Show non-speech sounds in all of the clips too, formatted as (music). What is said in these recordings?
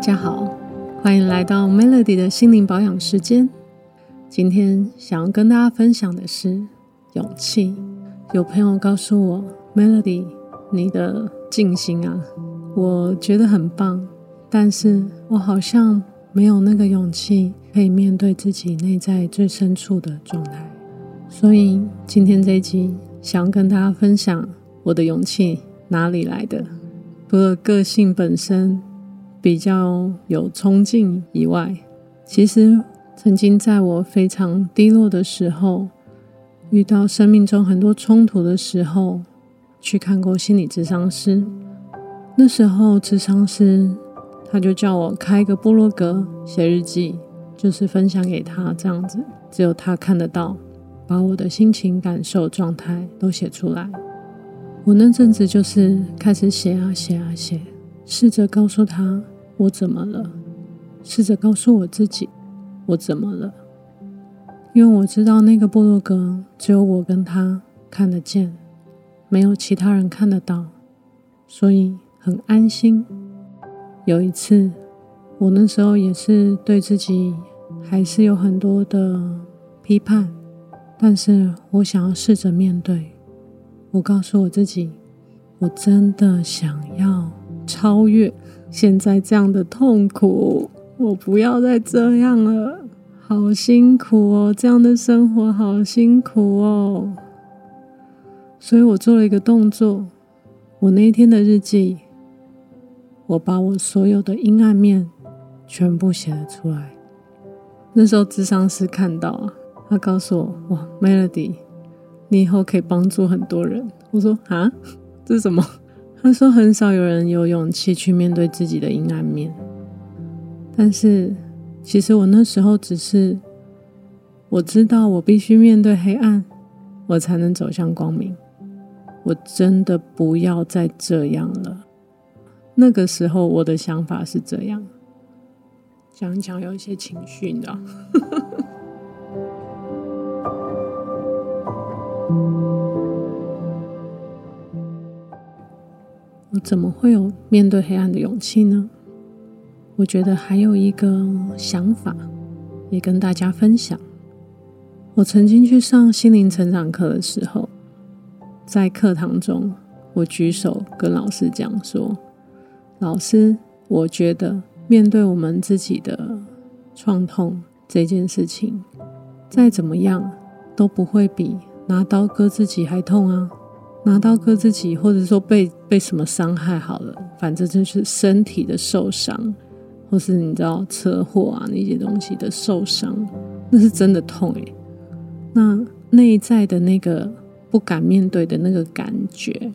大家好，歡迎來到 Melody 的心靈保養時間。今天想要跟大家分享的是勇氣。有朋友告訴我，Melody，你的靜心啊，我覺得很棒，但是我好像沒有那個勇氣可以面對自己內在最深處的狀態。所以今天這一集，想要跟大家分享我的勇氣哪裡來的，除了個性本身，比較有衝勁以外，其實曾經在我非常低落的時候，遇到生命中很多衝突的時候，去看過心理諮商師。那時候諮商師他就叫我開個部落格，寫日記，就是分享給他這樣子，只有他看得到，把我的心情、感受、狀態都寫出來。我那陣子就是開始寫啊寫啊寫。試着告訴他我怎麼了，試着告訴我自己我怎麼了，因為我知道那個部落格只有我跟他看得見，沒有其他人看得到，所以很安心。有一次，我那時候也是對自己還是有很多的批判，但是我想要試着面對。我告訴我自己，我真的想要。超越現在這樣的痛苦，我不要再這樣了，好辛苦哦，這樣的生活好辛苦哦。所以我做了一個動作，我那一天的日記，我把我所有的陰暗面全部寫了出來。那時候諮商師看到了，啊，他告訴我：“哇，Melody，你以後可以幫助很多人。”我說：“啊，這是什麼？”說很少有人有勇氣去面對自己的陰暗面，但是其實我那時候只是我知道我必須面對黑暗，我才能走向光明。我真的不要再這樣了。那個時候我的想法是這樣，講講有一些情緒的。你知道 (laughs) 怎麼會有面對黑暗的勇氣呢？我覺得還有一個想法，也跟大家分享。我曾經去上心靈成長課的時候，在課堂中，我舉手跟老師講說：“老師，我覺得面對我們自己的創痛這件事情，再怎麼樣都不會比拿刀割自己還痛啊。”拿刀割自己，或者說被被什麼傷害好了，反正就是身體的受傷，或是你知道車禍啊那些東西的受傷，那是真的痛耶。那內在的那個不敢面對的那個感覺，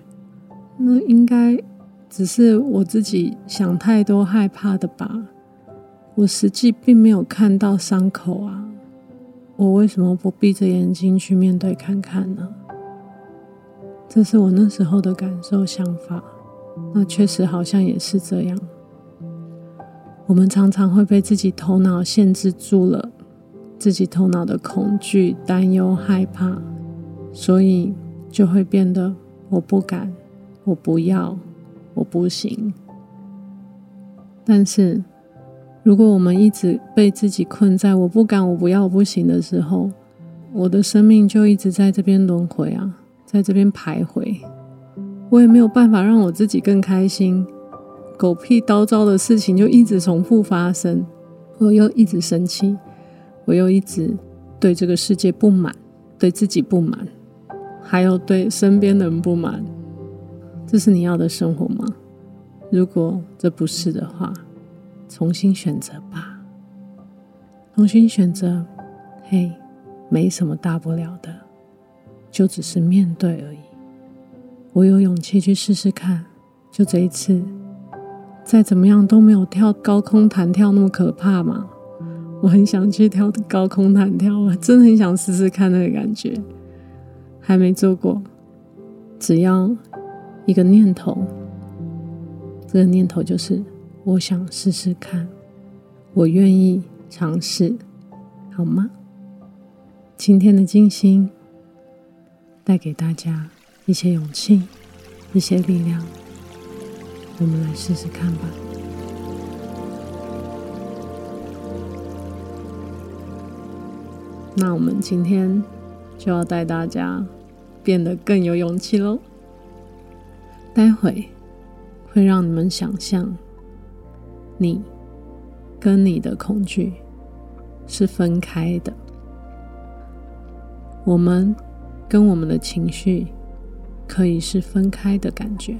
那應該只是我自己想太多害怕的吧？我實際並沒有看到傷口啊，我為什麼不閉着眼睛去面對看看呢？這是我那時候的感受、想法。那確實好像也是這樣。我們常常會被自己頭腦限制住了，自己頭腦的恐懼、擔憂、害怕，所以就會變得我不敢，我不要，我不行。但是，如果我們一直被自己困在我不敢、我不要、我不行的時候，我的生命就一直在這邊輪回啊。在這邊徘徊，我也沒有辦法讓我自己更開心。狗屁倒灶的事情就一直重複發生，我又一直生氣，我又一直對這個世界不滿，對自己不滿，還有對身邊的人不滿。這是你要的生活嗎？如果這不是的話，重新選擇吧。重新選擇，嘿，沒什麼大不了的。就只是面對而已。我有勇氣去試試看，就這一次，再怎麼樣都沒有跳高空彈跳那麼可怕嘛？我很想去跳高空彈跳，我真的很想試試看那個感覺，還沒做過。只要一個念頭，這個念頭就是我想試試看，我願意嘗試，好嗎？今天的靜心。帶給大家一些勇氣，一些力量。我們來試試看吧。那我們今天就要帶大家變得更有勇氣囉。待會會讓你們想象，你跟你的恐懼是分開的。我們。跟我們的情緒可以是分開的感覺，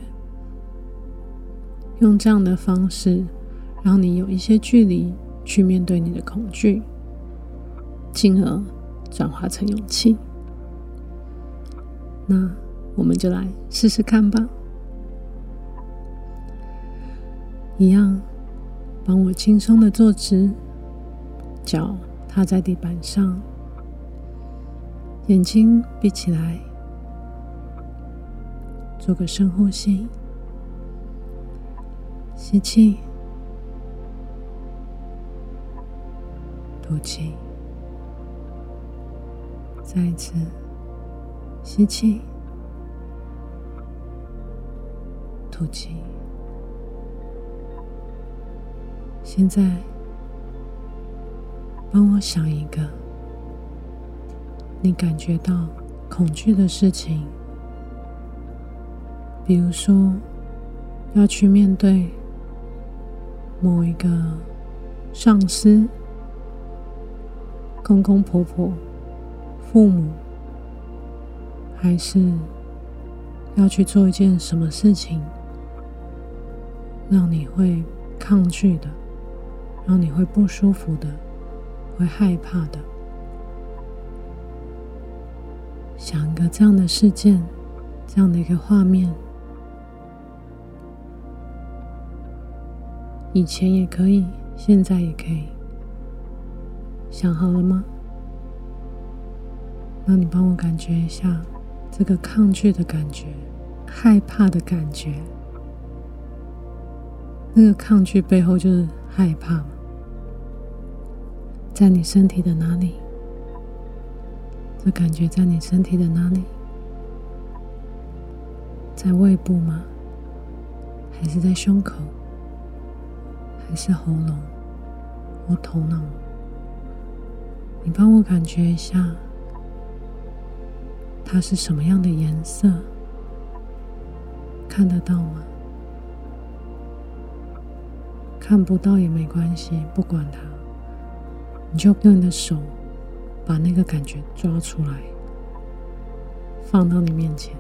用這樣的方式，讓你有一些距離去面對你的恐懼，進而轉化成勇氣。那我們就來試試看吧。一樣，幫我輕鬆的坐直，腳踏在地板上。眼睛閉起來，做個深呼吸，吸氣，吐氣，再次吸氣，吐氣。現在幫我想一個。你感覺到恐懼的事情，比如說要去面對某一個上司、公公婆婆、父母，還是要去做一件什麼事情，讓你會抗拒的，讓你會不舒服的，會害怕的。想一個這樣的事件，這樣的一個畫面，以前也可以，現在也可以。想好了嗎？那你幫我感覺一下這個抗拒的感覺，害怕的感覺。那個抗拒背後就是害怕。在你身體的哪裡？這感覺在你身體的哪裡？在胃部嗎？還是在胸口？還是喉嚨？或頭腦？你幫我感覺一下，它是什麼樣的顏色？看得到嗎？看不到也沒關係，不管它，你就用你的手。把那個感覺抓出來，放到你面前。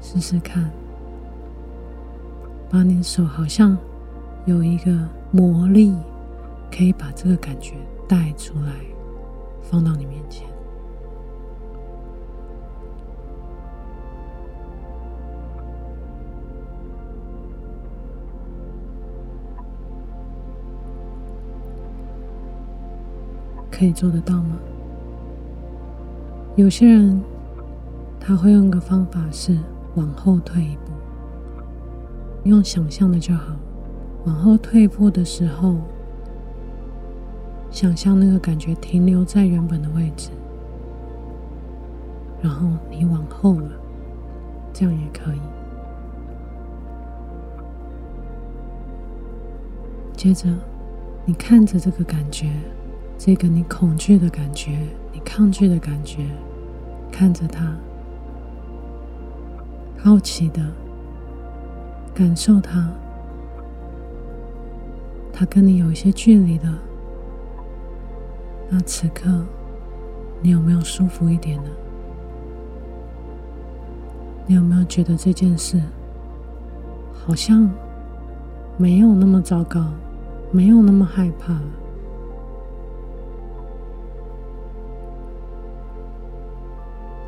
試試看。把你的手好像有一個魔力，可以把這個感覺帶出來，放到你面前。可以做得到嗎？有些人他會用個方法是往後退一步，用想象的就好。往後退一步的時候，想象那個感覺停留在原本的位置，然後你往後了，這樣也可以。接着，你看着這個感覺。這個你恐懼的感覺，你抗拒的感覺，看着他，好奇的，感受他，他跟你有一些距離的，那此刻，你有沒有舒服一點呢？你有沒有覺得這件事，好像沒有那麼糟糕，沒有那麼害怕？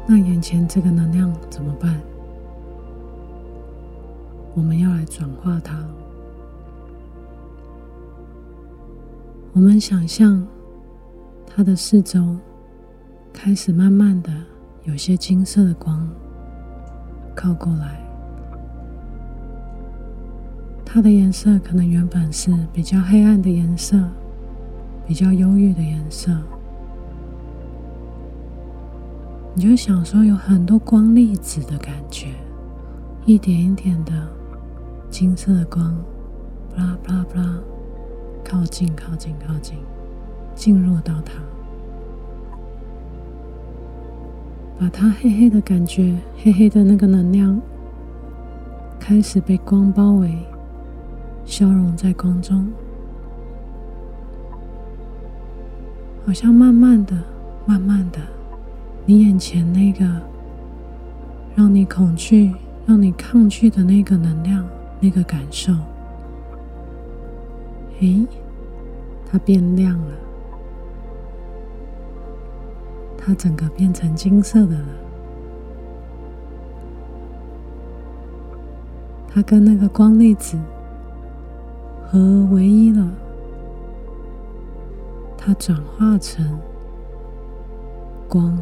那眼前這個能量怎麼辦？我們要來轉化它。我們想象它的四周開始慢慢的有些金色的光靠過來。它的顏色可能原本是比較黑暗的顏色，比較憂鬱的顏色。你就想說，有很多光粒子的感覺，一點一點的金色的光，啪啪啪靠近，靠近，靠近，進入到它，把它黑黑的感覺，黑黑的那個能量，開始被光包圍，消融在光中，好像慢慢的，慢慢的。你眼前那個讓你恐懼、讓你抗拒的那個能量、那個感受，誒、欸、它變亮了，它整個變成金色的了，它跟那個光粒子合為一了，它轉化成光。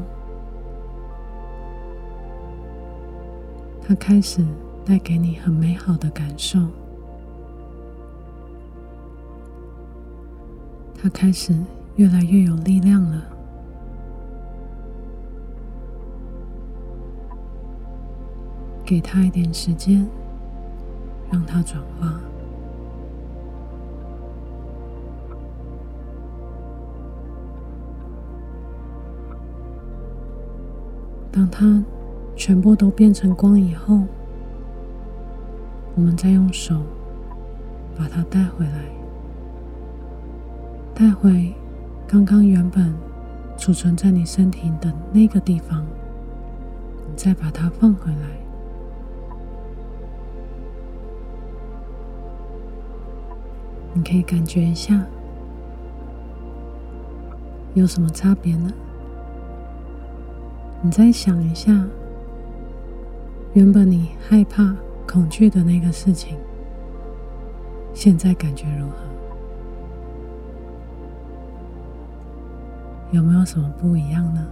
他開始帶給你很美好的感受，他開始越來越有力量了。給他一點時間，讓他轉化。當他。全部都變成光以後，我們再用手把它帶回來，帶回剛剛原本儲存在你身體的那個地方，你再把它放回來。你可以感覺一下，有什麼差別呢？你再想一下。原本你害怕、恐懼的那個事情，現在感覺如何？有沒有什麼不一樣呢？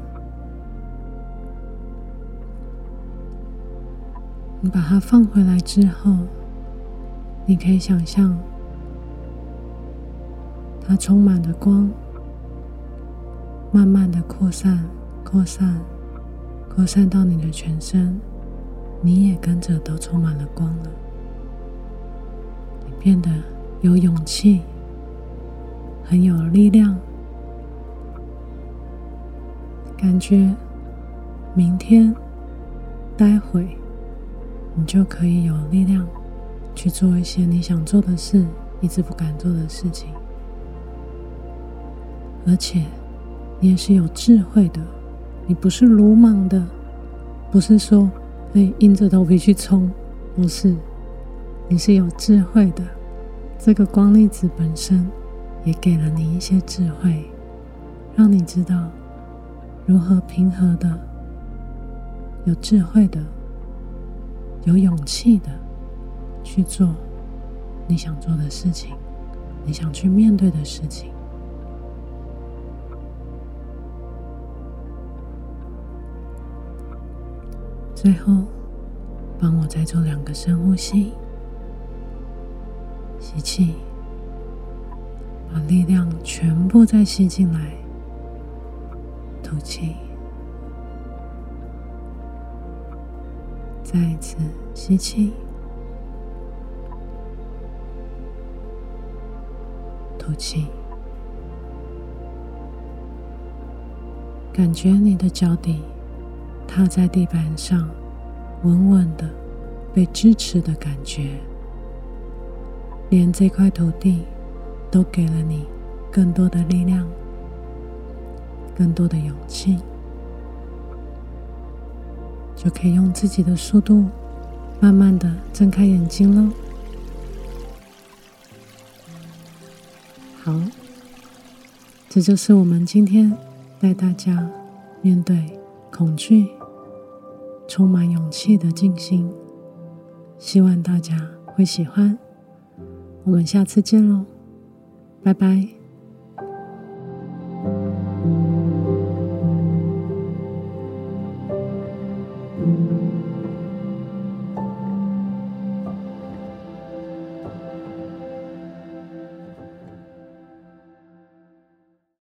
你把它放回來之後，你可以想象它充滿的光，慢慢的擴散、擴散、擴散到你的全身。你也跟着都充滿了光了，你變得有勇氣，很有力量，感覺明天、待會你就可以有力量去做一些你想做的事，一直不敢做的事情。而且，你也是有智慧的，你不是魯莽的，不是說。所以硬着頭皮去衝，不是？你是有智慧的，這個光粒子本身也給了你一些智慧，讓你知道如何平和的、有智慧的、有勇氣的去做你想做的事情，你想去面對的事情。最後，幫我再做兩個深呼吸，吸氣，把力量全部再吸進來，吐氣，再一次吸氣，吐氣，感覺你的腳底。踏在地板上，穩穩的被支持的感覺，連這塊土地都給了你更多的力量，更多的勇氣，就可以用自己的速度，慢慢的睜開眼睛了。好，這就是我們今天帶大家面對恐懼。充滿勇氣的靜心，希望大家會喜歡。我們下次見嘍，拜拜。